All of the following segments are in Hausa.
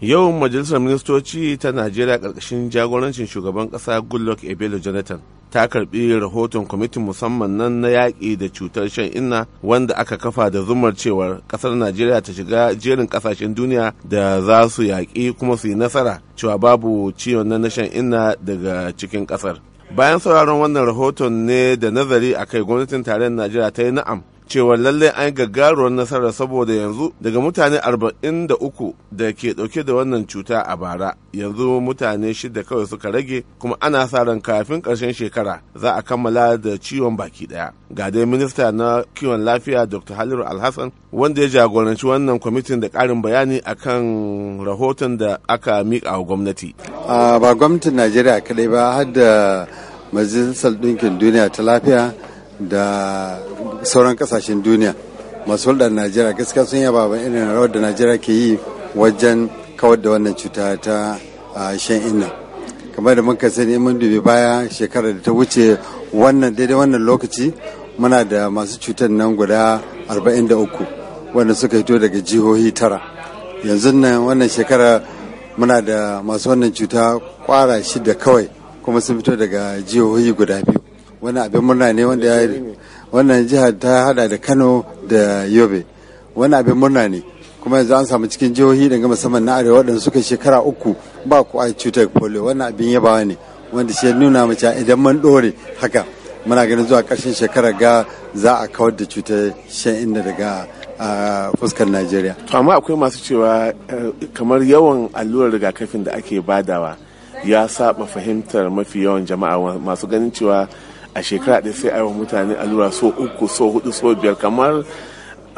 yau majalisar ministoci ta najeriya ƙarƙashin jagorancin shugaban ƙasa goodluck ebelo jonathan ta karbi rahoton kwamitin musamman nan na yaƙi da cutar shan inna wanda aka kafa da zumar cewar ƙasar najeriya ta shiga jerin ƙasashen duniya da za su yaƙi kuma su yi nasara cewa babu ciwon na shan inna daga cikin ƙasar bayan sauraron wannan rahoton ne da nazari a kai gwamnatin tarayyar najeriya ta yi na'am cewa lallai an yi gagaruwar nasara saboda yanzu daga mutane 43 da ke dauke da wannan cuta a bara yanzu mutane shida kawai suka rage kuma ana sa ran kafin karshen shekara za a kammala da ciwon baki daya ga dai minista na kiwon lafiya dr haliru alhassan wanda ya jagoranci wannan kwamitin da karin bayani akan rahoton da aka mika wa gwamnati ba gwamnatin najeriya kadai ba har da majalisar ɗinkin duniya ta lafiya da sauran kasashen duniya masu hulɗar najeriya gaskiya sun yaba ba irin rawar da najeriya ke yi wajen kawar da wannan cuta ta shan inna kamar da muka sani mun dubi baya shekarar da ta wuce wannan daidai wannan lokaci muna da masu cutar nan guda 43 wanda suka hito daga jihohi tara yanzu nan wannan shekara muna da masu wannan cuta kwara shida kawai kuma sun fito daga jihohi guda biyu wani abin murna ne wanda ya wannan jihar ta hada da kano da yobe wani abin murna ne kuma yanzu an samu cikin jihohi daga musamman na arewa waɗanda suka shekara uku ba ku a cutar polio wannan abin yaba ne wanda shi nuna mace idan mun dore haka muna ganin zuwa ƙarshen shekara ga za a kawar da cutar shan inda daga fuskar najeriya to amma akwai masu cewa eh, kamar yawan allurar rigakafin da ake badawa ya saba fahimtar mafi yawan jama'a masu ganin cewa a shekara ɗaya sai a yi wa mutane allura so uku so hudu so biyar kamar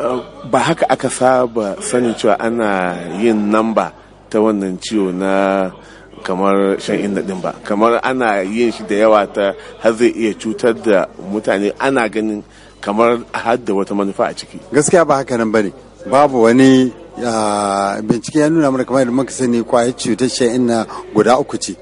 eh, ba haka aka saba sanin cewa ana yin namba ta wannan ciwo na kamar shan inda din ba kamar ana yin shi da yawa ta har zai iya cutar da mutane ana ganin kamar har da wata manufa a ciki gaskiya ba haka nan bane babu wani bincike ya nuna mana kamar da muka sani kwayar cutar shan inna guda uku ce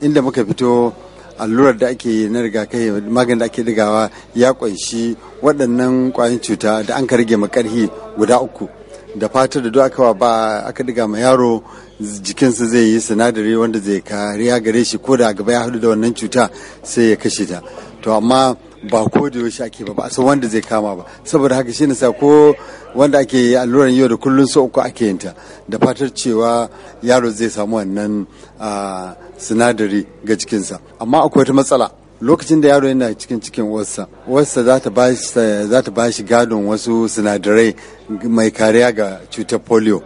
inda muka fito allurar da ake yi na rigakafi maganin da ake digawa ya kunshi waɗannan ƙwayoyin cuta da an ka rage makarhi guda uku da fatar da duk aka wa ba aka diga ma yaro jikinsa zai yi sinadari wanda zai kariya gare shi ko da gaba ya haɗu da wannan cuta sai ya kashe ta to amma ba ko da yaushe ake ba ba san wanda zai kama ba saboda haka shi sa ko wanda ake alluran yau da kullum sau uku ake yinta da fatar cewa yaro zai samu wannan ah, sinadari ga cikinsa amma akwai wata matsala lokacin da yaro yana cikin cikin wasa wasa za ta bashi gadon wasu sinadarai mai kariya ga cutar polio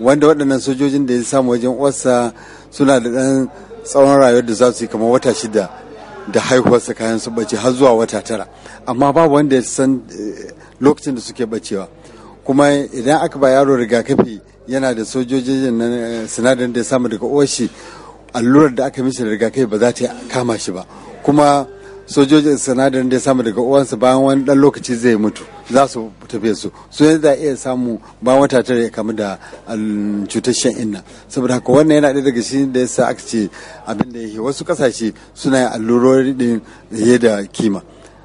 wanda waɗannan sojojin da ya samu wajen wasa suna da ɗan tsawon rayuwar da za su yi kamar wata shida da haihuwarsa kayan su bace har zuwa wata tara amma babu wanda ya san eh, lokacin da suke bacewa kuma idan aka ba yaro rigakafi yana da sojojin eh, sinadarin da ya samu daga oshi allurar da aka mishi rigakafi ba za ta kama shi ba kuma sojojin sinadarin da ya samu daga uwansa bayan wani dan lokaci zai mutu za su tafi su su yanzu za iya samu ba wata tara ya kamu da um, cutar shan inna saboda haka wannan yana da daga shi da sa aka ce abin da yake wasu kasashe suna yin allurori din ya da kima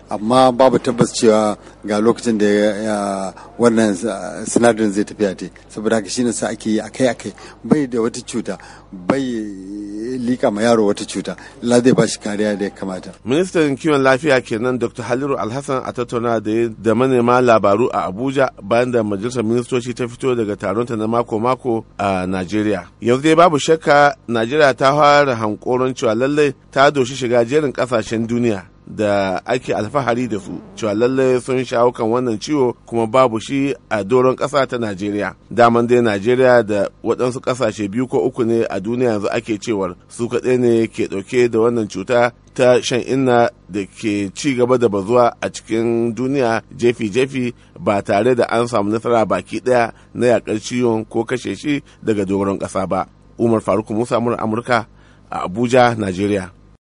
amma babu tabbas cewa ga lokacin da wannan uh, sinadarin zai tafiya te saboda haka ne sa ake yi akai-akai bai da wata cuta bai lika ma yaro wata cuta la zai ba shi kariya da ya kamata ministan kiwon lafiya kenan dr haliru alhassan a tattauna da ya da manema labaru a abuja bayan da majalisar ministoci ta fito daga taronta na mako mako a najeriya yanzu dai babu shakka najeriya ta fara hankoron cewa lallai ta doshi shiga jerin kasashen duniya da ake alfahari da su cewa lalle sun shawo kan wannan ciwo kuma babu shi a doron ƙasa ta najeriya daman dai najeriya da waɗansu ƙasashe biyu ko uku ne a duniya yanzu ake cewar su kaɗai ne ke ɗauke da wannan cuta ta shan inna da ke ci gaba da bazuwa a cikin duniya jefi-jefi ba tare da an samu nasara baki ɗaya na yaƙar ciwon ko kashe shi daga doron ƙasa ba umar faruk musa amurka a abuja najeriya